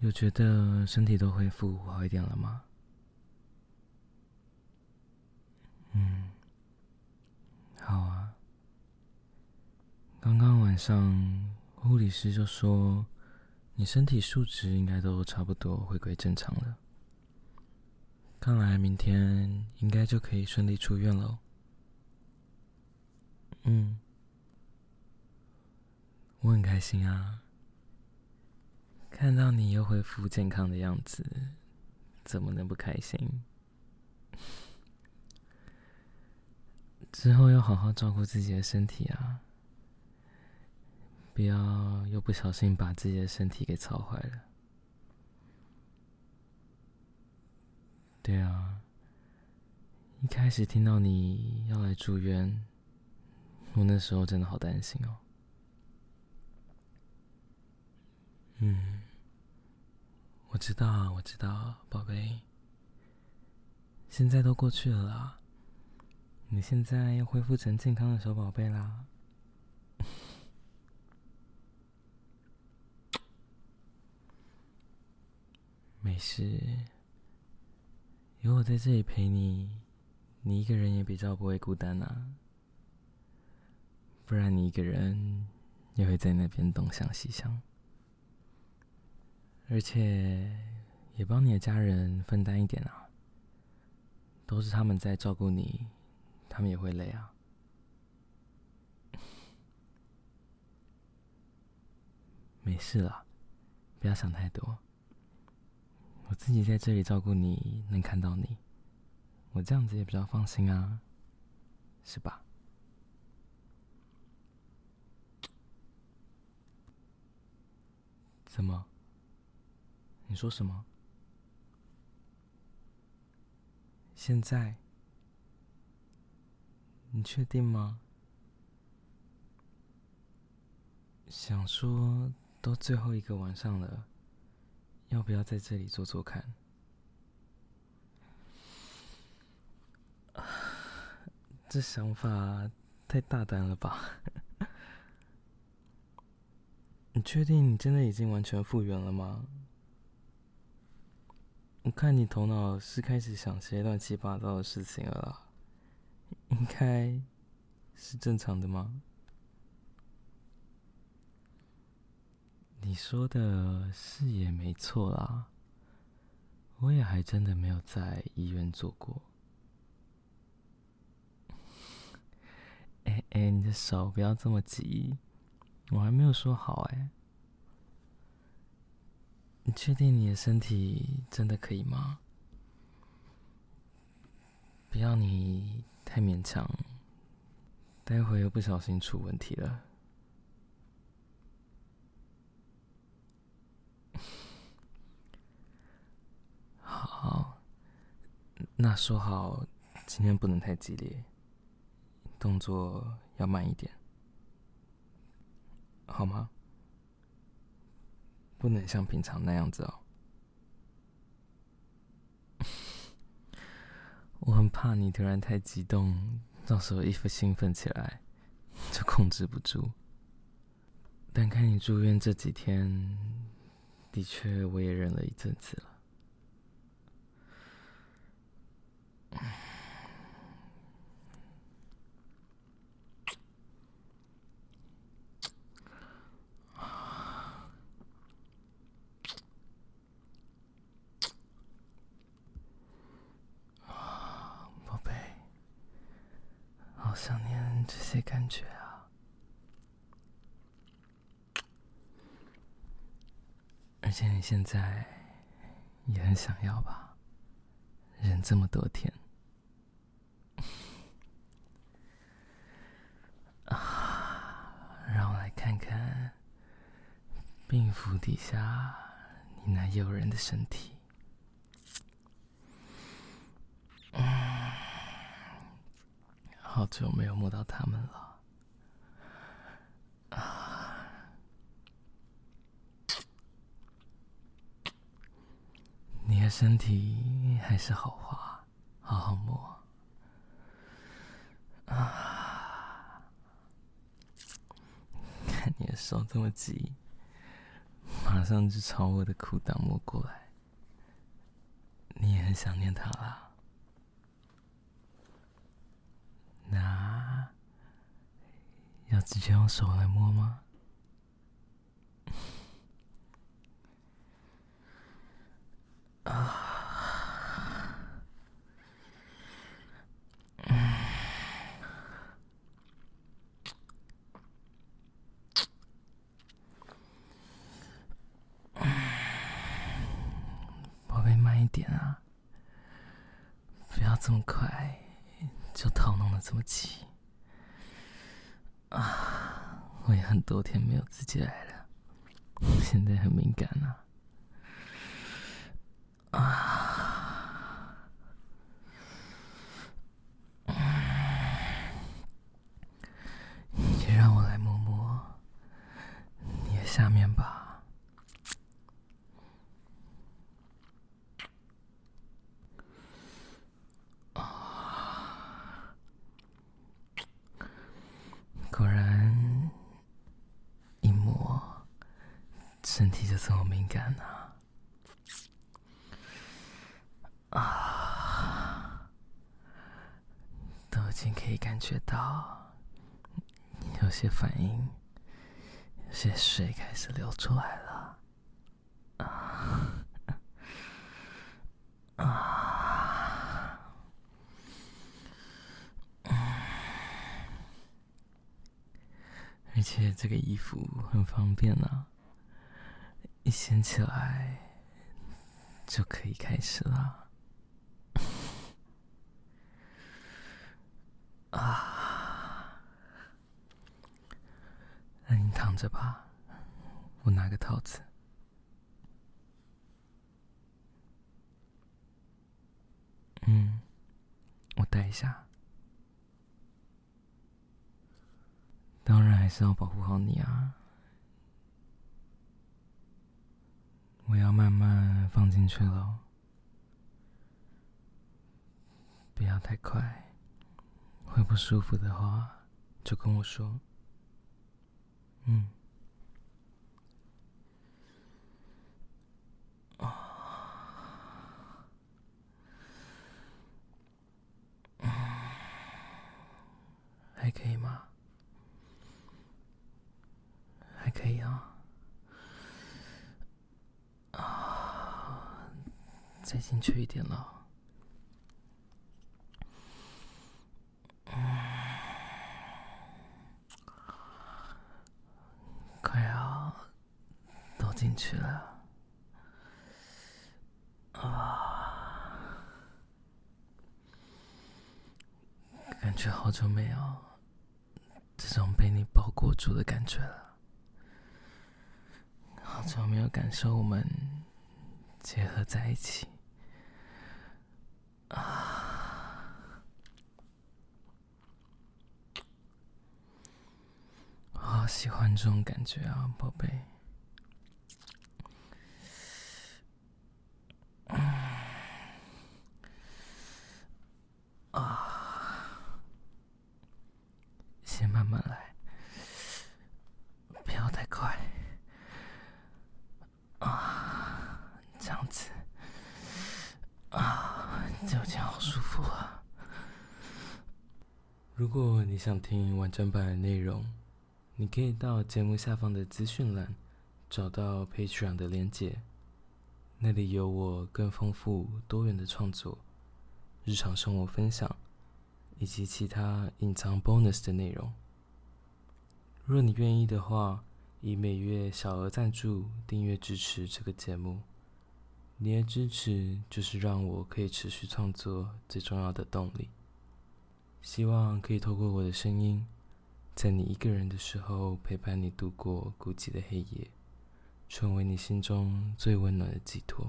有覺得身體都恢復好一點了嗎？嗯，好啊。剛剛晚上護理師就說，你身體數值應該都差不多回歸正常了，看來明天應該就可以順利出院嘍。嗯，我很開心啊。看到你又恢復健康的樣子，怎麼能不開心？之後要好好照顧自己的身體啊，不要又不小心把自己的身體給操壞了。對啊，一開始聽到你要來住院，我那時候真的好擔心哦。嗯。我知道，我知道，寶貝，現在都過去了啦。你現在又恢復成健康的小寶貝啦， 沒事，有我在這裡陪你，你一個人也比較不會孤單啊。不然你一個人也會在那邊東想西想。而且也幫你的家人分擔一點啊，都是他們在照顧你，他們也會累啊。沒事了，不要想太多。我自己在這裡照顧你，能看到你，我這樣子也比較放心啊，是吧？怎麼？你說什麼？現在？你確定嗎？想說都最後一個晚上了，要不要在這裡做做看，啊？這想法太大膽了吧？ 你確定你真的已經完全復原了嗎？我看你頭腦是開始想些亂七八糟的事情了啦，應該是正常的嗎？你說的是也沒錯啦，我也還真的沒有在醫院做過。哎 哎、欸欸，你的手不要這麼急，我還沒有說好哎、欸。你確定你的身體真的可以嗎？不要你太勉強，待會兒又不小心出問題了。好，好，那說好今天不能太激烈，動作要慢一點，好嗎？不能像平常那樣子哦， 我很怕你突然太激動，到時候一副興奮起來就控制不住。但看你住院這幾天，的確我也忍了一陣子了。想念這些感覺啊，而且你現在也很想要吧？忍這麼多天 啊，讓我來看看病服底下你那誘人的身體。好久沒有摸到他們了，啊！你的身體還是好滑，好好摸。啊！看你的手這麼急，馬上就朝我的褲襠摸過來。你也很想念他啦。那要直接用手來摸嗎？啊，嗯，寶貝，慢一點啊，不要這麼快。就套弄得這麼急啊！我也很多天沒有自己來了，現在很敏感啊。這麼敏感呢？啊，啊，都已經可以感覺到有些反應，有些水開始流出來了。啊，啊，嗯，而且這個衣服很方便啊。一掀起來就可以開始了，啊！那你躺着吧，我拿個套子。嗯，我戴一下。當然還是要保護好你啊。我要慢慢放進去嘍，不要太快，會不舒服的話就跟我說。嗯，啊，嗯，還可以嗎？還可以啊、哦。再進去一點了，快要、啊、都進去了，啊，感覺好久沒有這種被你包裹住的感覺了，好久沒有感受我們結合在一起。啊，好喜歡這種感覺啊，寶貝。嗯，啊，先慢慢來。如果你想聽完整版的內容，你可以到節目下方的資訊欄找到 Patreon 的連結，那裡有我更豐富多元的創作、日常生活分享以及其他隱藏 bonus 的內容。若你願意的話，以每月小額贊助訂閱支持這個節目，你的支持就是讓我可以持續創作最重要的動力。希望可以透過我的聲音，在你一個人的時候陪伴你度過孤寂的黑夜，成為你心中最溫暖的寄託。